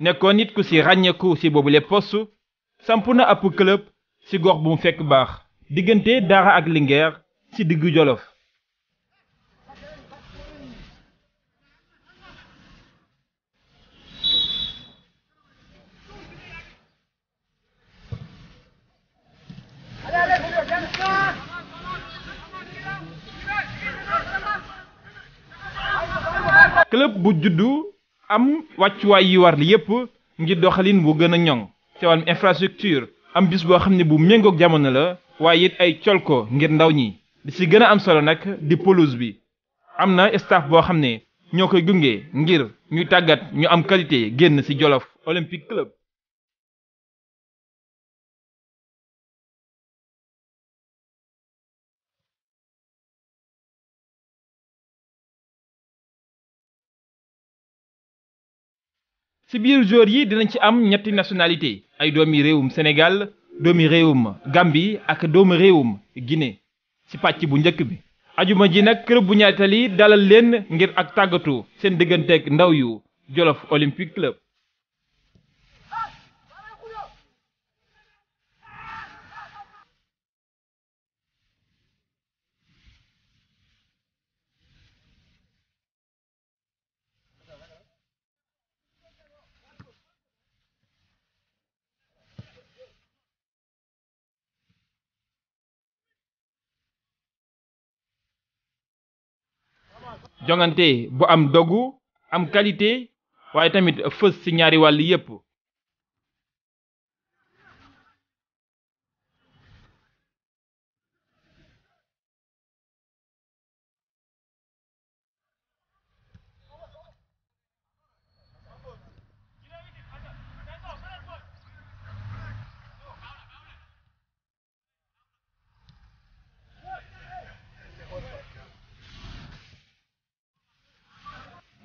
ne konit kousi ranyekou si bo bile posou, sanpoune apou klop, si gorboun fek bar, digente dara ak linger, si digu jolof. Klop bou djidou, am wàccuwaay yi war li yépp ngir doxalin bu gën a ñoŋ ci wàllum infrastructure am bis boo xam ne bu méngoog jamono la waaye it ay colko ngir ndaw ñi li ci gën a am solo nag di pelouse bi am na staff boo xam ne ñoo koy gunge ngir ñuy tàggat ñu am qualité génn ci Jolof Olympique Club si biir joueurs yi dinañ ci am ñetti nationalité ay doomi réewum Sénégal doomi réewum Gambie ak doomi réewum Guinée ci pàcc bu njëkk bi. ajuma ji nag club bu ñaari tali dalal leen ngir ak tàggatu seen digganteeg ndaw yu Jolof Olympique Club. jongante bu am dogu am qualité waaye tamit fës ci ñaari wàll yépp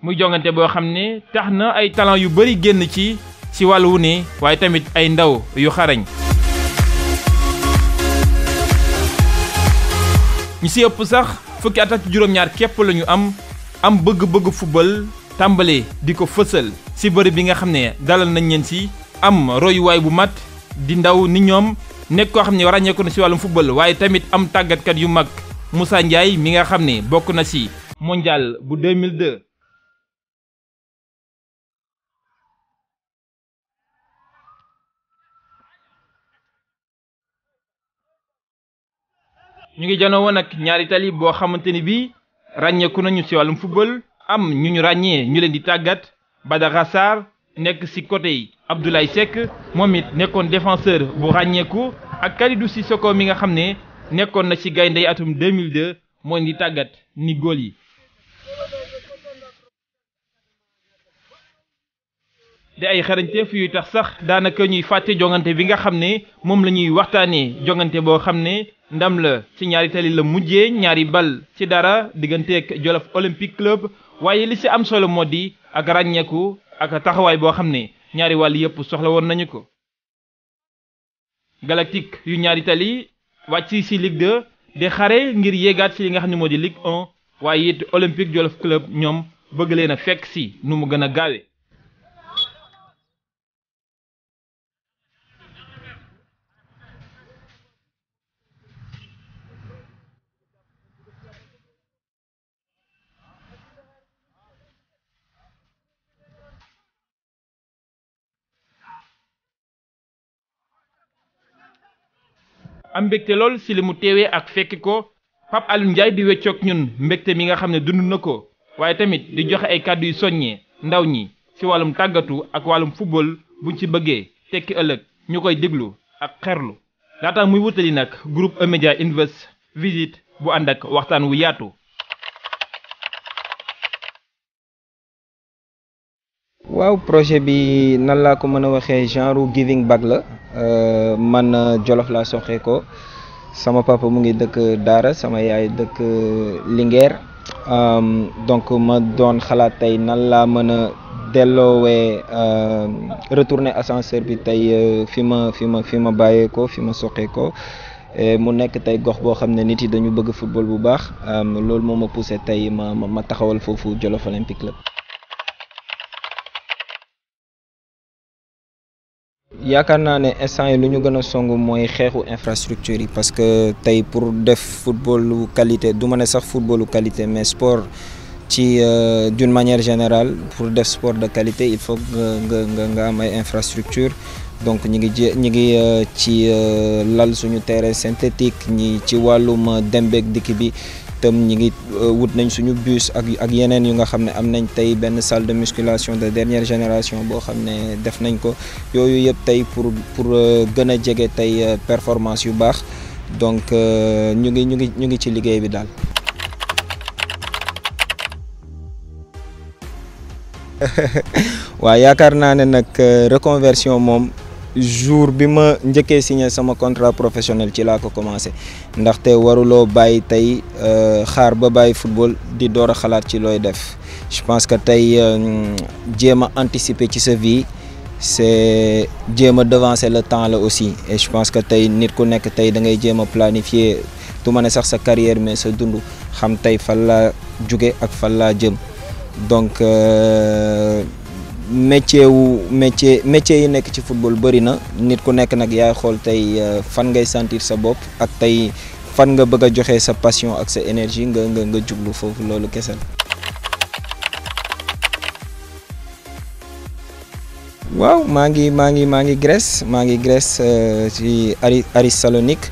muy jongante boo xam ne tax na ay talent yu bari génn ci ci wàll wu ne waaye tamit ay ndaw yu xarañ ñi si ëpp sax fukki at ak ñaar képp la am am bëgg-bëgg football tàmbale diko ko fësal si bëri bi nga xam ne dalal nañ leen si am royuwaay bu mat di ndaw ni ñoom nekk koo xam ne ràññeeku na si wàllum football waaye tamit am tàggatkat yu mag Moussa Ndiaye mi nga xam ne bokk na si mondial bu 2002 ñu ngi janoo woon ak ñaari tali boo xamante ni bii ràññeeku nañu ci wàllum football am ñu ñu ràññee ñu leen di tàggat Badara Sarr nekk ci côté yi Abdoulaye Seck moom it nekkoon défenseur bu ràññeeku ak ci Cissokho mi nga xam ne nekkoon na ci gaynde yi atum 2002 moo di tàggat ni góor yi. di ay xarañteef yuy tax sax daanaka ñuy fàtte jongante bi nga xam ne moom la ñuy waxtaanee jongante boo xam ne. ndam la ci ñaari tali la mujjé ñaari bal ci dara digënté ak Jolof Olympic Club waye li ci am solo modi ak ragneku ak taxaway bo xamné ñaari wal yépp soxla won nañu ko galactique yu ñaari tali wacc ci Ligue 2 di xaré ngir yégaat ci li nga xamné modi Ligue 1 waye it Olympique Jolof Club ñom bëgg leena fekk ci nu mu gëna gaawé am mbégte lool ci li mu teewee ak fekki ko Pape Alioune Ndiaye di weccoog ñun mbégte mi nga xam ne dund na ko waaye tamit di joxe ay kàddu yu soññee ndaw ñi ci wàllum tàggatu ak wàllum football buñ ci bëggee tekki ëllëg ñu koy déglu ak xerlu laata muy wutali nag groupe E-Media Invest visite bu ànd ak waxtaan wu yaatu. waaw projet bi nan laa ko mën a waxee genre giving back la Euh, man euh, Jolof laa soxee ko sama papa mu ngi dëkk Daara sama yaay dëkk Linguère euh, donc ma doon xalaat tey nan laa mën a delloowee retourner ascenseur bi tey fi ma fi ma fi ma bàyyee ko fi ma soxee ko mu nekk tey gox boo xam ne nit yi dañu bëgg football bu baax loolu moom ma poussé tey ma ma taxawal foofu Jolof Olympique Club yaakaar ne instant yi lu ñu gën a song mooy xeexu infrastructure yi parce que tey pour def football qualité du ma ne sax football qualité mais sport ci euh, d'une manière générale pour def sport de qualité il faut nga nga nga am ay infrastructure donc ñi ngi ñi ngi euh, ci euh, lal suñu terrain synthétique ñi ci wàllum dem dikk bi itam ñi ngi euh, wut nañ suñu bus ak ak yeneen yu nga xam ne am nañ tey benn salle de musculation de dernière génération boo xam ne def nañ ko yooyu yëpp tey pour pour euh, gën a jege tey euh, performance yu baax donc ñu ngi ñu ngi ñu ngi ci liggéey bi daal. waaw yaakaar naa ne nag reconversion moom. jour bi ma ñëké signé sama contrat professionnel ci la ko commencé ndaxte waruloo bàyyi tey euh, xaar ba bay football di door xalaat ci loy def je pense que tay euh, jéem anticiper ci sa vie c'est jéem devancer le temps là aussi et je pense que tay nit ku nekk tay da ngay jéem planifier tu mané sax sa carrière mais sa dundu xam tay fan la jóge ak fan la jëm donc. Euh, métier wu métier métier yi nekk ci football bëri na nit ku nekk nag yaay xool tey euh, fan ngay sentir sa bopp ak tey fan nga bëgg a joxe sa passion ak sa énergie nga nga jublu foofu loolu kese waaw maa ngi maa ngi maa ngi Grèce maa ngi Grèce euh, ci Aris Salonique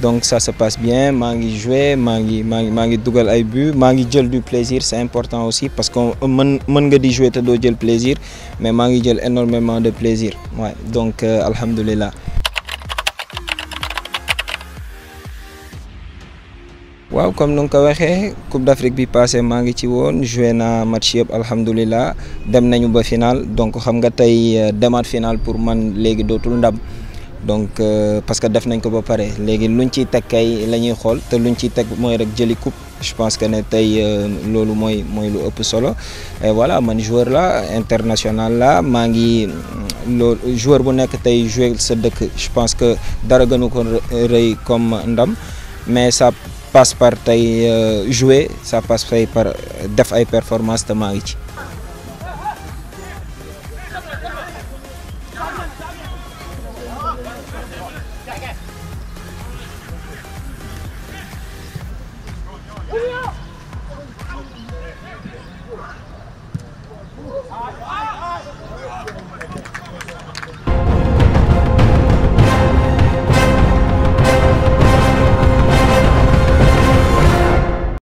donc ça se passe bien Mangi ngi mangi mangi ngi maa mangi du plaisir c'est important aussi parce que mën mën nga di jouer te doo jël plaisir mais mangi ngi jël énormément de plaisir Ouais. donc euh, alhamdulillah. waaw comme nous nga ko la Coupe d'Afrique bi passé mangi ci woon joué un match Alhamdulillah, alhamdulilah dem nañu ba finale, donc xam nga tey la euh, final pour man léegi dootul ndam donc euh, parce que def nañ ko ba paré légui luñ ciy teg kay la ñuy xool luñ ciy teg moy rek jëli coupe je pense que ne tey euh, lolu moy moy lu ëpp solo et voilà man joueur là, international là, ma ngi joueur bu nek tay joué sa dëkk je pense que dara gënu ko reuy comme ndam mais ça passe par tey euh, jouer ça passe par def ay performance te ma ngi ci. We are